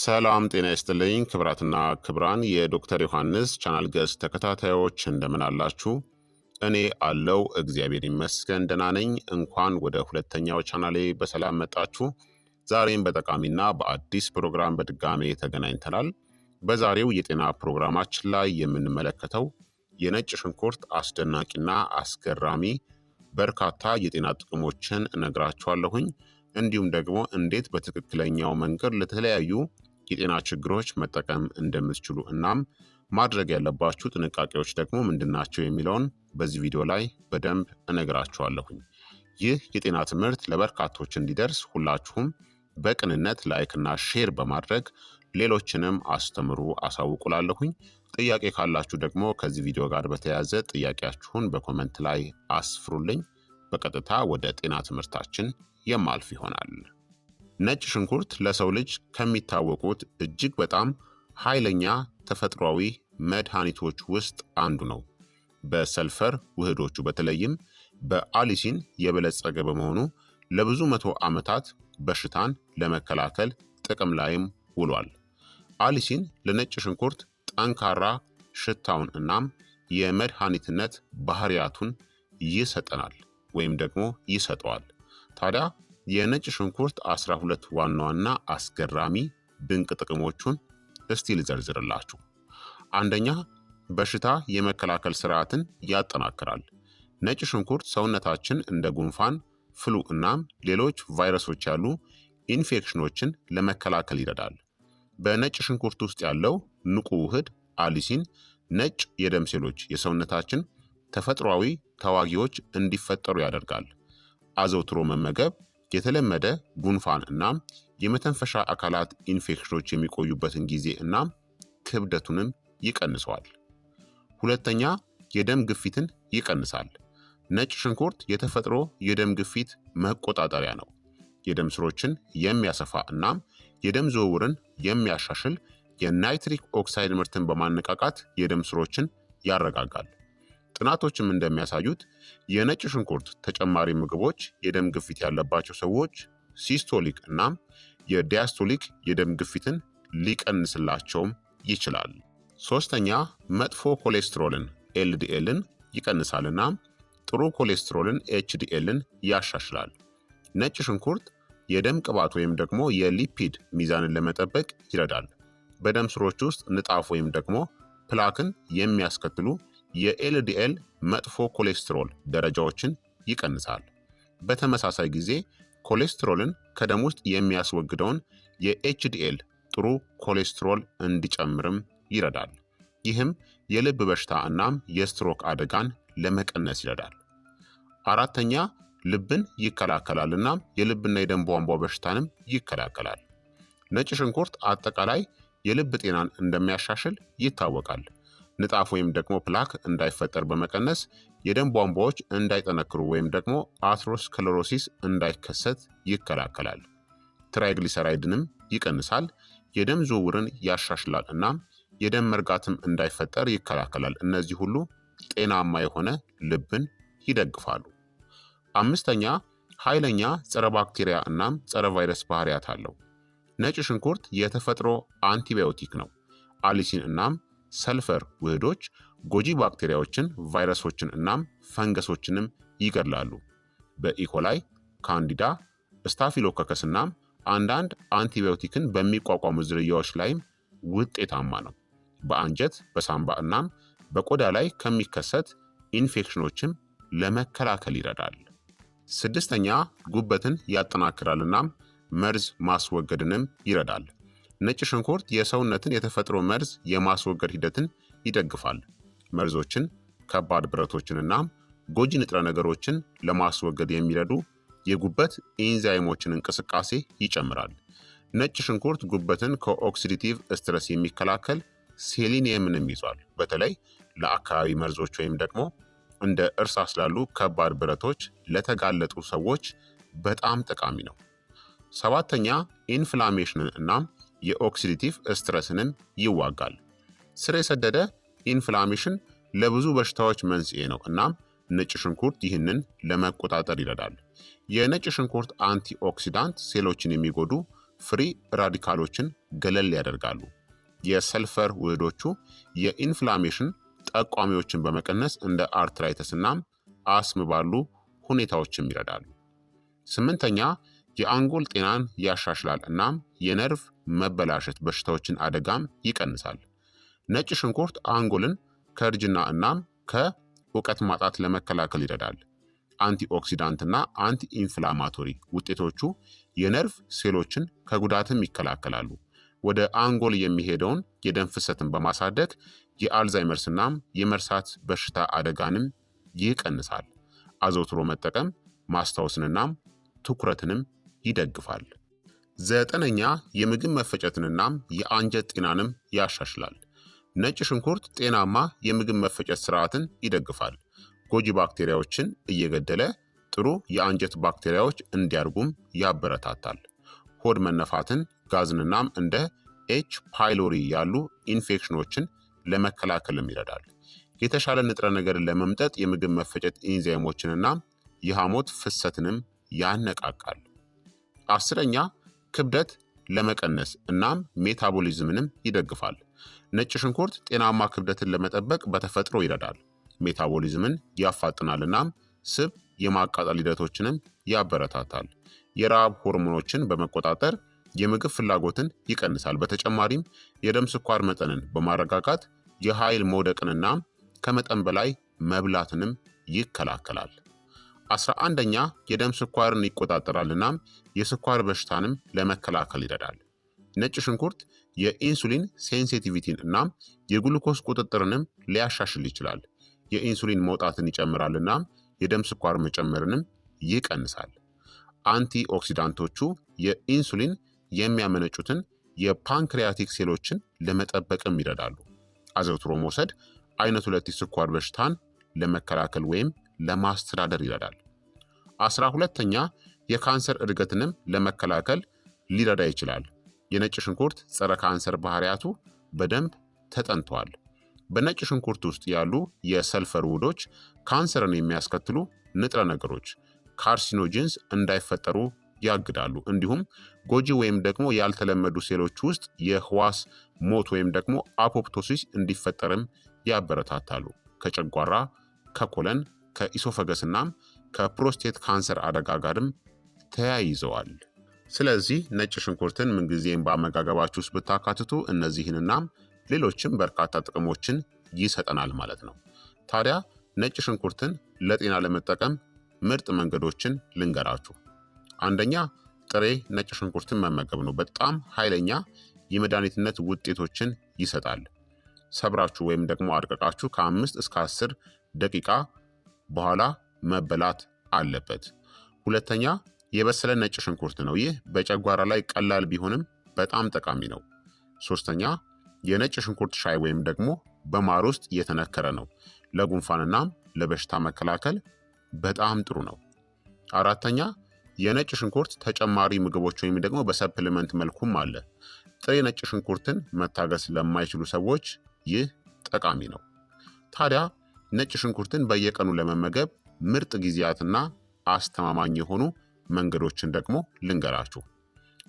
ሰላም ጤና ይስጥልኝ ክብራትና ክብራን የዶክተር ዮሐንስ ቻናል ገጽ ተከታታዮች እንደምን አላችሁ? እኔ አለው እግዚአብሔር ይመስገን ደህና ነኝ። እንኳን ወደ ሁለተኛው ቻናሌ በሰላም መጣችሁ። ዛሬም በጠቃሚና በአዲስ ፕሮግራም በድጋሜ ተገናኝተናል። በዛሬው የጤና ፕሮግራማችን ላይ የምንመለከተው የነጭ ሽንኩርት አስደናቂና አስገራሚ በርካታ የጤና ጥቅሞችን እነግራችኋለሁኝ እንዲሁም ደግሞ እንዴት በትክክለኛው መንገድ ለተለያዩ የጤና ችግሮች መጠቀም እንደምትችሉ እናም ማድረግ ያለባችሁ ጥንቃቄዎች ደግሞ ምንድናቸው የሚለውን በዚህ ቪዲዮ ላይ በደንብ እነግራችኋለሁኝ። ይህ የጤና ትምህርት ለበርካቶች እንዲደርስ ሁላችሁም በቅንነት ላይክና ሼር በማድረግ ሌሎችንም አስተምሩ አሳውቁላለሁኝ። ጥያቄ ካላችሁ ደግሞ ከዚህ ቪዲዮ ጋር በተያያዘ ጥያቄያችሁን በኮመንት ላይ አስፍሩልኝ። በቀጥታ ወደ ጤና ትምህርታችን የማልፍ ይሆናል። ነጭ ሽንኩርት ለሰው ልጅ ከሚታወቁት እጅግ በጣም ኃይለኛ ተፈጥሯዊ መድኃኒቶች ውስጥ አንዱ ነው። በሰልፈር ውህዶቹ በተለይም በአሊሲን የበለጸገ በመሆኑ ለብዙ መቶ ዓመታት በሽታን ለመከላከል ጥቅም ላይም ውሏል። አሊሲን ለነጭ ሽንኩርት ጠንካራ ሽታውን እናም የመድኃኒትነት ባህሪያቱን ይሰጠናል ወይም ደግሞ ይሰጠዋል። ታዲያ የነጭ ሽንኩርት 12 ዋና ዋና አስገራሚ ድንቅ ጥቅሞቹን እስቲ ልዘርዝርላችሁ። አንደኛ በሽታ የመከላከል ስርዓትን ያጠናክራል። ነጭ ሽንኩርት ሰውነታችን እንደ ጉንፋን፣ ፍሉ እናም ሌሎች ቫይረሶች ያሉ ኢንፌክሽኖችን ለመከላከል ይረዳል። በነጭ ሽንኩርት ውስጥ ያለው ንቁ ውህድ አሊሲን ነጭ የደም ሴሎች የሰውነታችን ተፈጥሯዊ ተዋጊዎች እንዲፈጠሩ ያደርጋል። አዘውትሮ መመገብ የተለመደ ጉንፋን እናም የመተንፈሻ አካላት ኢንፌክሽኖች የሚቆዩበትን ጊዜ እናም ክብደቱንም ይቀንሰዋል። ሁለተኛ የደም ግፊትን ይቀንሳል። ነጭ ሽንኩርት የተፈጥሮ የደም ግፊት መቆጣጠሪያ ነው። የደም ስሮችን የሚያሰፋ እናም የደም ዝውውርን የሚያሻሽል የናይትሪክ ኦክሳይድ ምርትን በማነቃቃት የደም ስሮችን ያረጋጋል። ጥናቶችም እንደሚያሳዩት የነጭ ሽንኩርት ተጨማሪ ምግቦች የደም ግፊት ያለባቸው ሰዎች ሲስቶሊክ እናም የዲያስቶሊክ የደም ግፊትን ሊቀንስላቸውም ይችላል። ሶስተኛ መጥፎ ኮሌስትሮልን ኤልዲኤልን ይቀንሳል ጥሩ ኮሌስትሮልን ኤችዲኤልን ያሻሽላል። ነጭ ሽንኩርት የደም ቅባት ወይም ደግሞ የሊፒድ ሚዛንን ለመጠበቅ ይረዳል። በደም ስሮች ውስጥ ንጣፍ ወይም ደግሞ ፕላክን የሚያስከትሉ የኤልዲኤል መጥፎ ኮሌስትሮል ደረጃዎችን ይቀንሳል። በተመሳሳይ ጊዜ ኮሌስትሮልን ከደም ውስጥ የሚያስወግደውን የኤችዲኤል ጥሩ ኮሌስትሮል እንዲጨምርም ይረዳል። ይህም የልብ በሽታ እናም የስትሮክ አደጋን ለመቀነስ ይረዳል። አራተኛ ልብን ይከላከላል እናም የልብና የደም ቧንቧ በሽታንም ይከላከላል። ነጭ ሽንኩርት አጠቃላይ የልብ ጤናን እንደሚያሻሽል ይታወቃል። ንጣፍ ወይም ደግሞ ፕላክ እንዳይፈጠር በመቀነስ የደም ቧንቧዎች እንዳይጠነክሩ ወይም ደግሞ አትሮስክለሮሲስ እንዳይከሰት ይከላከላል። ትራይግሊሰራይድንም ይቀንሳል፣ የደም ዝውውርን ያሻሽላል እናም የደም መርጋትም እንዳይፈጠር ይከላከላል። እነዚህ ሁሉ ጤናማ የሆነ ልብን ይደግፋሉ። አምስተኛ ኃይለኛ ጸረ ባክቴሪያ እናም ጸረ ቫይረስ ባህሪያት አለው። ነጭ ሽንኩርት የተፈጥሮ አንቲባዮቲክ ነው። አሊሲን እናም ሰልፈር ውህዶች ጎጂ ባክቴሪያዎችን፣ ቫይረሶችን እናም ፈንገሶችንም ይገድላሉ። በኢኮላይ ካንዲዳ፣ ስታፊሎከከስ እናም አንዳንድ አንቲባዮቲክን በሚቋቋሙ ዝርያዎች ላይም ውጤታማ ነው። በአንጀት በሳምባ እናም በቆዳ ላይ ከሚከሰት ኢንፌክሽኖችም ለመከላከል ይረዳል። ስድስተኛ ጉበትን ያጠናክራል እናም መርዝ ማስወገድንም ይረዳል። ነጭ ሽንኩርት የሰውነትን የተፈጥሮ መርዝ የማስወገድ ሂደትን ይደግፋል። መርዞችን፣ ከባድ ብረቶችንና ጎጂ ንጥረ ነገሮችን ለማስወገድ የሚረዱ የጉበት ኢንዛይሞችን እንቅስቃሴ ይጨምራል። ነጭ ሽንኩርት ጉበትን ከኦክሲዲቲቭ ስትረስ የሚከላከል ሴሊኒየምንም ይዟል። በተለይ ለአካባቢ መርዞች ወይም ደግሞ እንደ እርሳስ ላሉ ከባድ ብረቶች ለተጋለጡ ሰዎች በጣም ጠቃሚ ነው። ሰባተኛ ኢንፍላሜሽንን እናም የኦክሲዲቲቭ ስትረስንን ይዋጋል። ስር የሰደደ ኢንፍላሜሽን ለብዙ በሽታዎች መንስኤ ነው። እናም ነጭ ሽንኩርት ይህንን ለመቆጣጠር ይረዳል። የነጭ ሽንኩርት አንቲኦክሲዳንት ሴሎችን የሚጎዱ ፍሪ ራዲካሎችን ገለል ያደርጋሉ። የሰልፈር ውህዶቹ የኢንፍላሜሽን ጠቋሚዎችን በመቀነስ እንደ አርትራይተስ እናም አስም ባሉ ሁኔታዎችም ይረዳሉ። ስምንተኛ የአንጎል ጤናን ያሻሽላል እናም የነርቭ መበላሸት በሽታዎችን አደጋም ይቀንሳል። ነጭ ሽንኩርት አንጎልን ከእርጅና እናም ከእውቀት ማጣት ለመከላከል ይረዳል። አንቲኦክሲዳንትና አንቲ ኢንፍላማቶሪ ውጤቶቹ የነርቭ ሴሎችን ከጉዳትም ይከላከላሉ። ወደ አንጎል የሚሄደውን የደም ፍሰትን በማሳደግ የአልዛይመርስናም የመርሳት በሽታ አደጋንም ይቀንሳል። አዘውትሮ መጠቀም ማስታወስንናም ትኩረትንም ይደግፋል። ዘጠነኛ የምግብ መፈጨትንናም የአንጀት ጤናንም ያሻሽላል። ነጭ ሽንኩርት ጤናማ የምግብ መፈጨት ስርዓትን ይደግፋል። ጎጂ ባክቴሪያዎችን እየገደለ ጥሩ የአንጀት ባክቴሪያዎች እንዲያርጉም ያበረታታል። ሆድ መነፋትን፣ ጋዝንናም እንደ ኤች ፓይሎሪ ያሉ ኢንፌክሽኖችን ለመከላከልም ይረዳል። የተሻለ ንጥረ ነገርን ለመምጠጥ የምግብ መፈጨት ኢንዛይሞችንና የሐሞት ፍሰትንም ያነቃቃል። አስረኛ ክብደት ለመቀነስ እናም ሜታቦሊዝምንም ይደግፋል። ነጭ ሽንኩርት ጤናማ ክብደትን ለመጠበቅ በተፈጥሮ ይረዳል፣ ሜታቦሊዝምን ያፋጥናል እናም ስብ የማቃጠል ሂደቶችንም ያበረታታል። የረሃብ ሆርሞኖችን በመቆጣጠር የምግብ ፍላጎትን ይቀንሳል። በተጨማሪም የደም ስኳር መጠንን በማረጋጋት የኃይል መውደቅንና ከመጠን በላይ መብላትንም ይከላከላል። አስራ አንደኛ የደም ስኳርን ይቆጣጠራል እናም የስኳር በሽታንም ለመከላከል ይረዳል። ነጭ ሽንኩርት የኢንሱሊን ሴንሲቲቪቲን እናም የግሉኮስ ቁጥጥርንም ሊያሻሽል ይችላል። የኢንሱሊን መውጣትን ይጨምራል እናም የደም ስኳር መጨመርንም ይቀንሳል። አንቲ ኦክሲዳንቶቹ የኢንሱሊን የሚያመነጩትን የፓንክሪያቲክ ሴሎችን ለመጠበቅም ይረዳሉ። አዘውትሮ መውሰድ አይነት ሁለት የስኳር በሽታን ለመከላከል ወይም ለማስተዳደር ይረዳል። አስራ ሁለተኛ የካንሰር እድገትንም ለመከላከል ሊረዳ ይችላል። የነጭ ሽንኩርት ጸረ ካንሰር ባህሪያቱ በደንብ ተጠንተዋል። በነጭ ሽንኩርት ውስጥ ያሉ የሰልፈር ውህዶች ካንሰርን የሚያስከትሉ ንጥረ ነገሮች ካርሲኖጂንስ እንዳይፈጠሩ ያግዳሉ። እንዲሁም ጎጂ ወይም ደግሞ ያልተለመዱ ሴሎች ውስጥ የህዋስ ሞት ወይም ደግሞ አፖፕቶሲስ እንዲፈጠርም ያበረታታሉ። ከጨጓራ ከኮለን ከኢሶፈገስናም ከፕሮስቴት ካንሰር አደጋ ጋርም ተያይዘዋል። ስለዚህ ነጭ ሽንኩርትን ምንጊዜም በአመጋገባችሁ ውስጥ ብታካትቱ እነዚህንናም ሌሎችም በርካታ ጥቅሞችን ይሰጠናል ማለት ነው። ታዲያ ነጭ ሽንኩርትን ለጤና ለመጠቀም ምርጥ መንገዶችን ልንገራችሁ። አንደኛ ጥሬ ነጭ ሽንኩርትን መመገብ ነው። በጣም ኃይለኛ የመድኃኒትነት ውጤቶችን ይሰጣል። ሰብራችሁ ወይም ደግሞ አድቀቃችሁ ከአምስት እስከ አስር ደቂቃ በኋላ መበላት አለበት። ሁለተኛ የበሰለ ነጭ ሽንኩርት ነው። ይህ በጨጓራ ላይ ቀላል ቢሆንም በጣም ጠቃሚ ነው። ሶስተኛ የነጭ ሽንኩርት ሻይ ወይም ደግሞ በማር ውስጥ የተነከረ ነው። ለጉንፋንናም ለበሽታ መከላከል በጣም ጥሩ ነው። አራተኛ የነጭ ሽንኩርት ተጨማሪ ምግቦች ወይም ደግሞ በሰፕልመንት መልኩም አለ። ጥሬ ነጭ ሽንኩርትን መታገስ ለማይችሉ ሰዎች ይህ ጠቃሚ ነው። ታዲያ ነጭ ሽንኩርትን በየቀኑ ለመመገብ ምርጥ ጊዜያትና አስተማማኝ የሆኑ መንገዶችን ደግሞ ልንገራችሁ።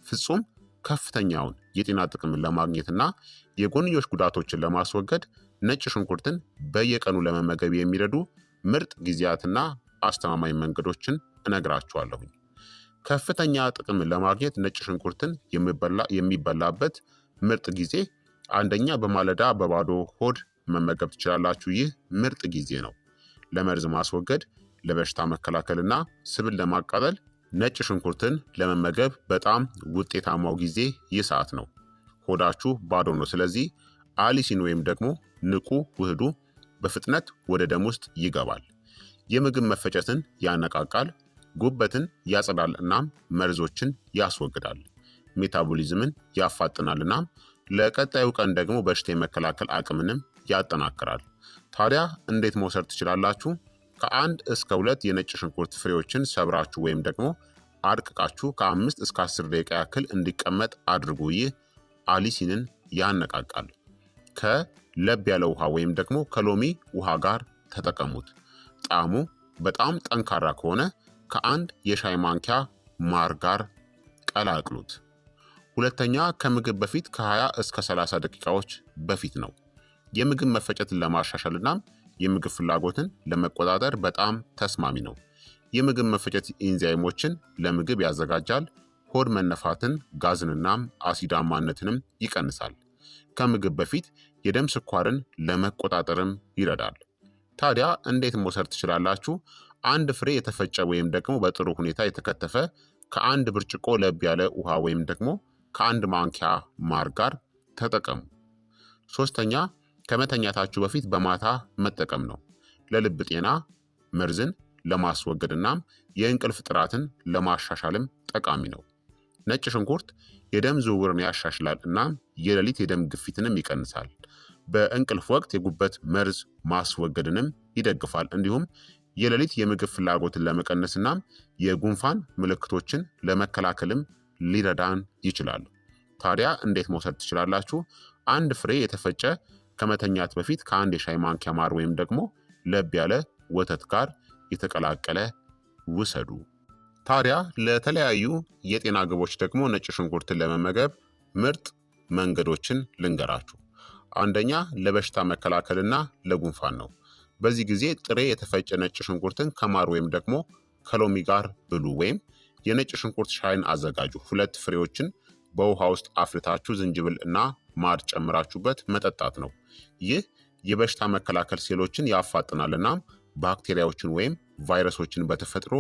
ፍጹም ከፍተኛውን የጤና ጥቅምን ለማግኘትና የጎንዮሽ ጉዳቶችን ለማስወገድ ነጭ ሽንኩርትን በየቀኑ ለመመገብ የሚረዱ ምርጥ ጊዜያትና አስተማማኝ መንገዶችን እነግራችኋለሁኝ። ከፍተኛ ጥቅምን ለማግኘት ነጭ ሽንኩርትን የሚበላበት ምርጥ ጊዜ አንደኛ በማለዳ በባዶ ሆድ መመገብ ትችላላችሁ። ይህ ምርጥ ጊዜ ነው። ለመርዝ ማስወገድ፣ ለበሽታ መከላከልና ስብን ለማቃጠል ነጭ ሽንኩርትን ለመመገብ በጣም ውጤታማው ጊዜ ይህ ሰዓት ነው። ሆዳችሁ ባዶ ነው። ስለዚህ አሊሲን ወይም ደግሞ ንቁ ውህዱ በፍጥነት ወደ ደም ውስጥ ይገባል። የምግብ መፈጨትን ያነቃቃል፣ ጉበትን ያጸዳል፣ እናም መርዞችን ያስወግዳል። ሜታቦሊዝምን ያፋጥናል፣ እናም ለቀጣዩ ቀን ደግሞ በሽታ የመከላከል አቅምንም ያጠናክራል። ታዲያ እንዴት መውሰድ ትችላላችሁ? ከአንድ እስከ ሁለት የነጭ ሽንኩርት ፍሬዎችን ሰብራችሁ ወይም ደግሞ አድቅቃችሁ ከአምስት እስከ አስር ደቂቃ ያክል እንዲቀመጥ አድርጉ። ይህ አሊሲንን ያነቃቃል። ከለብ ያለ ውሃ ወይም ደግሞ ከሎሚ ውሃ ጋር ተጠቀሙት። ጣዕሙ በጣም ጠንካራ ከሆነ ከአንድ የሻይ ማንኪያ ማር ጋር ቀላቅሉት። ሁለተኛ ከምግብ በፊት ከ20 እስከ 30 ደቂቃዎች በፊት ነው። የምግብ መፈጨትን ለማሻሻል እናም የምግብ ፍላጎትን ለመቆጣጠር በጣም ተስማሚ ነው። የምግብ መፈጨት ኢንዛይሞችን ለምግብ ያዘጋጃል። ሆድ መነፋትን፣ ጋዝንናም አሲዳማነትንም ይቀንሳል። ከምግብ በፊት የደም ስኳርን ለመቆጣጠርም ይረዳል። ታዲያ እንዴት መውሰድ ትችላላችሁ? አንድ ፍሬ የተፈጨ ወይም ደግሞ በጥሩ ሁኔታ የተከተፈ ከአንድ ብርጭቆ ለብ ያለ ውሃ ወይም ደግሞ ከአንድ ማንኪያ ማር ጋር ተጠቀሙ። ሶስተኛ ከመተኛታችሁ በፊት በማታ መጠቀም ነው። ለልብ ጤና መርዝን ለማስወገድ እናም የእንቅልፍ ጥራትን ለማሻሻልም ጠቃሚ ነው። ነጭ ሽንኩርት የደም ዝውውርን ያሻሽላል እናም የሌሊት የደም ግፊትንም ይቀንሳል። በእንቅልፍ ወቅት የጉበት መርዝ ማስወገድንም ይደግፋል። እንዲሁም የሌሊት የምግብ ፍላጎትን ለመቀነስ እናም የጉንፋን ምልክቶችን ለመከላከልም ሊረዳን ይችላል። ታዲያ እንዴት መውሰድ ትችላላችሁ? አንድ ፍሬ የተፈጨ ከመተኛት በፊት ከአንድ የሻይ ማንኪያ ማር ወይም ደግሞ ለብ ያለ ወተት ጋር የተቀላቀለ ውሰዱ። ታዲያ ለተለያዩ የጤና ግቦች ደግሞ ነጭ ሽንኩርትን ለመመገብ ምርጥ መንገዶችን ልንገራችሁ። አንደኛ ለበሽታ መከላከልና ለጉንፋን ነው። በዚህ ጊዜ ጥሬ የተፈጨ ነጭ ሽንኩርትን ከማር ወይም ደግሞ ከሎሚ ጋር ብሉ፣ ወይም የነጭ ሽንኩርት ሻይን አዘጋጁ። ሁለት ፍሬዎችን በውሃ ውስጥ አፍልታችሁ ዝንጅብል እና ማር ጨምራችሁበት መጠጣት ነው። ይህ የበሽታ መከላከል ሴሎችን ያፋጥናል እናም ባክቴሪያዎችን ወይም ቫይረሶችን በተፈጥሮ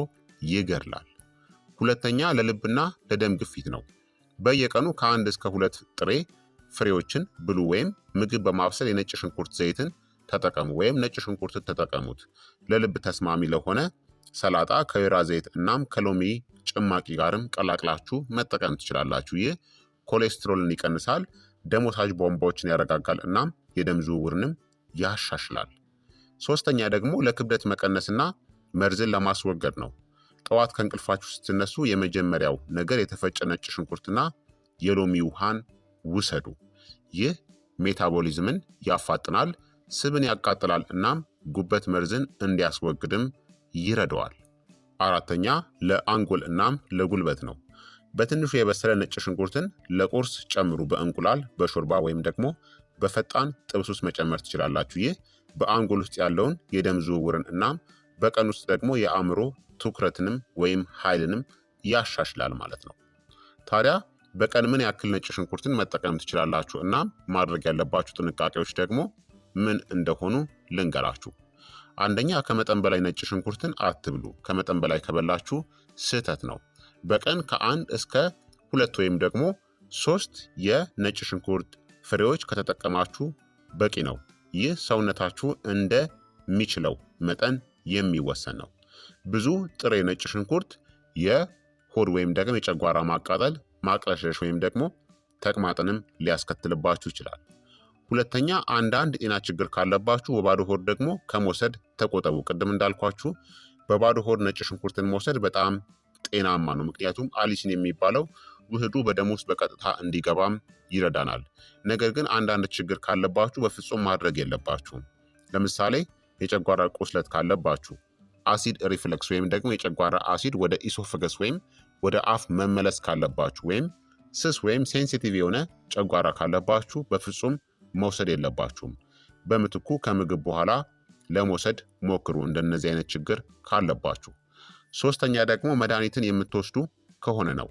ይገድላል። ሁለተኛ ለልብና ለደም ግፊት ነው። በየቀኑ ከአንድ እስከ ሁለት ጥሬ ፍሬዎችን ብሉ ወይም ምግብ በማብሰል የነጭ ሽንኩርት ዘይትን ተጠቀሙ ወይም ነጭ ሽንኩርትን ተጠቀሙት። ለልብ ተስማሚ ለሆነ ሰላጣ ከወይራ ዘይት እናም ከሎሚ ጭማቂ ጋርም ቀላቅላችሁ መጠቀም ትችላላችሁ። ይህ ኮሌስትሮልን ይቀንሳል፣ ደም ወሳጅ ቧንቧዎችን ያረጋጋል እናም የደም ዝውውርንም ያሻሽላል። ሶስተኛ ደግሞ ለክብደት መቀነስና መርዝን ለማስወገድ ነው። ጠዋት ከእንቅልፋችሁ ስትነሱ የመጀመሪያው ነገር የተፈጨ ነጭ ሽንኩርትና የሎሚ ውሃን ውሰዱ። ይህ ሜታቦሊዝምን ያፋጥናል፣ ስብን ያቃጥላል እናም ጉበት መርዝን እንዲያስወግድም ይረዳዋል። አራተኛ ለአንጎል እናም ለጉልበት ነው። በትንሹ የበሰለ ነጭ ሽንኩርትን ለቁርስ ጨምሩ። በእንቁላል በሾርባ ወይም ደግሞ በፈጣን ጥብስ ውስጥ መጨመር ትችላላችሁ። ይህ በአንጎል ውስጥ ያለውን የደም ዝውውርን እናም በቀን ውስጥ ደግሞ የአእምሮ ትኩረትንም ወይም ኃይልንም ያሻሽላል ማለት ነው። ታዲያ በቀን ምን ያክል ነጭ ሽንኩርትን መጠቀም ትችላላችሁ? እናም ማድረግ ያለባችሁ ጥንቃቄዎች ደግሞ ምን እንደሆኑ ልንገራችሁ። አንደኛ ከመጠን በላይ ነጭ ሽንኩርትን አትብሉ። ከመጠን በላይ ከበላችሁ ስህተት ነው። በቀን ከአንድ እስከ ሁለት ወይም ደግሞ ሶስት የነጭ ሽንኩርት ፍሬዎች ከተጠቀማችሁ በቂ ነው። ይህ ሰውነታችሁ እንደሚችለው መጠን የሚወሰን ነው። ብዙ ጥሬ ነጭ ሽንኩርት የሆድ ወይም ደግሞ የጨጓራ ማቃጠል፣ ማቅለሸሽ ወይም ደግሞ ተቅማጥንም ሊያስከትልባችሁ ይችላል። ሁለተኛ አንዳንድ ጤና ችግር ካለባችሁ በባዶ ሆድ ደግሞ ከመውሰድ ተቆጠቡ። ቅድም እንዳልኳችሁ በባዶ ሆድ ነጭ ሽንኩርትን መውሰድ በጣም ጤናማ ነው። ምክንያቱም አሊሲን የሚባለው ውህዱ በደም ውስጥ በቀጥታ እንዲገባም ይረዳናል። ነገር ግን አንዳንድ ችግር ካለባችሁ በፍጹም ማድረግ የለባችሁም። ለምሳሌ የጨጓራ ቁስለት ካለባችሁ አሲድ ሪፍለክስ ወይም ደግሞ የጨጓራ አሲድ ወደ ኢሶፈገስ ወይም ወደ አፍ መመለስ ካለባችሁ ወይም ስስ ወይም ሴንሲቲቭ የሆነ ጨጓራ ካለባችሁ በፍጹም መውሰድ የለባችሁም። በምትኩ ከምግብ በኋላ ለመውሰድ ሞክሩ እንደነዚህ አይነት ችግር ካለባችሁ። ሶስተኛ ደግሞ መድኃኒትን የምትወስዱ ከሆነ ነው።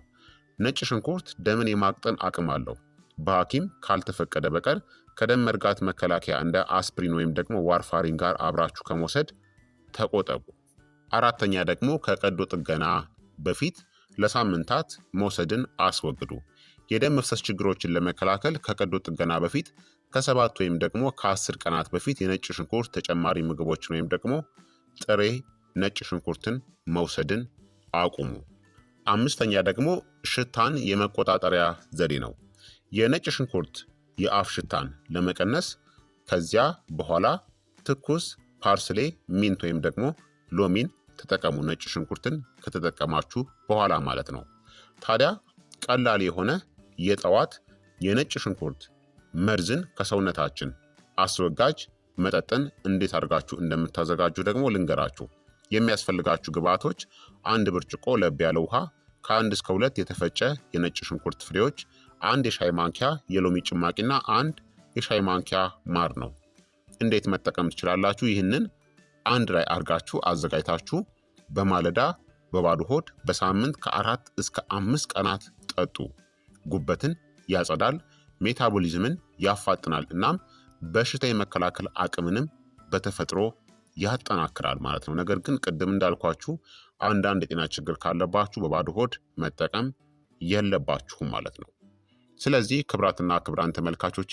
ነጭ ሽንኩርት ደምን የማቅጠን አቅም አለው። በሐኪም ካልተፈቀደ በቀር ከደም መርጋት መከላከያ እንደ አስፕሪን ወይም ደግሞ ዋርፋሪን ጋር አብራችሁ ከመውሰድ ተቆጠቡ። አራተኛ ደግሞ ከቀዶ ጥገና በፊት ለሳምንታት መውሰድን አስወግዱ። የደም መፍሰስ ችግሮችን ለመከላከል ከቀዶ ጥገና በፊት ከሰባት ወይም ደግሞ ከአስር ቀናት በፊት የነጭ ሽንኩርት ተጨማሪ ምግቦችን ወይም ደግሞ ጥሬ ነጭ ሽንኩርትን መውሰድን አቁሙ። አምስተኛ ደግሞ ሽታን የመቆጣጠሪያ ዘዴ ነው። የነጭ ሽንኩርት የአፍ ሽታን ለመቀነስ ከዚያ በኋላ ትኩስ ፓርስሌ፣ ሚንት ወይም ደግሞ ሎሚን ተጠቀሙ። ነጭ ሽንኩርትን ከተጠቀማችሁ በኋላ ማለት ነው። ታዲያ ቀላል የሆነ የጠዋት የነጭ ሽንኩርት መርዝን ከሰውነታችን አስወጋጅ መጠጥን እንዴት አድርጋችሁ እንደምታዘጋጁ ደግሞ ልንገራችሁ። የሚያስፈልጋችሁ ግብአቶች አንድ ብርጭቆ ለብ ያለ ውሃ፣ ከአንድ እስከ ሁለት የተፈጨ የነጭ ሽንኩርት ፍሬዎች፣ አንድ የሻይ ማንኪያ የሎሚ ጭማቂና አንድ የሻይ ማንኪያ ማር ነው። እንዴት መጠቀም ትችላላችሁ? ይህንን አንድ ላይ አድርጋችሁ አዘጋጅታችሁ በማለዳ በባዶ ሆድ በሳምንት ከአራት እስከ አምስት ቀናት ጠጡ። ጉበትን ያጸዳል፣ ሜታቦሊዝምን ያፋጥናል እናም በሽታ የመከላከል አቅምንም በተፈጥሮ ያጠናክራል ማለት ነው። ነገር ግን ቅድም እንዳልኳችሁ አንዳንድ የጤና ችግር ካለባችሁ በባዶ ሆድ መጠቀም የለባችሁም ማለት ነው። ስለዚህ ክብራትና ክብራን ተመልካቾቼ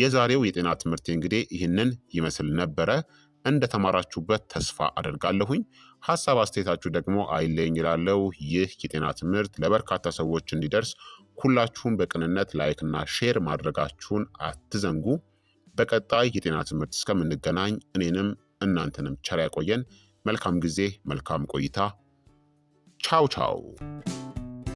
የዛሬው የጤና ትምህርት እንግዲህ ይህንን ይመስል ነበረ። እንደተማራችሁበት ተስፋ አደርጋለሁኝ። ሀሳብ አስተያየታችሁ ደግሞ አይለኝ ይላለው። ይህ የጤና ትምህርት ለበርካታ ሰዎች እንዲደርስ ሁላችሁም በቅንነት ላይክና ሼር ማድረጋችሁን አትዘንጉ። በቀጣይ የጤና ትምህርት እስከምንገናኝ እኔንም እናንተንም ቸር ያቆየን። መልካም ጊዜ፣ መልካም ቆይታ። ቻው ቻው።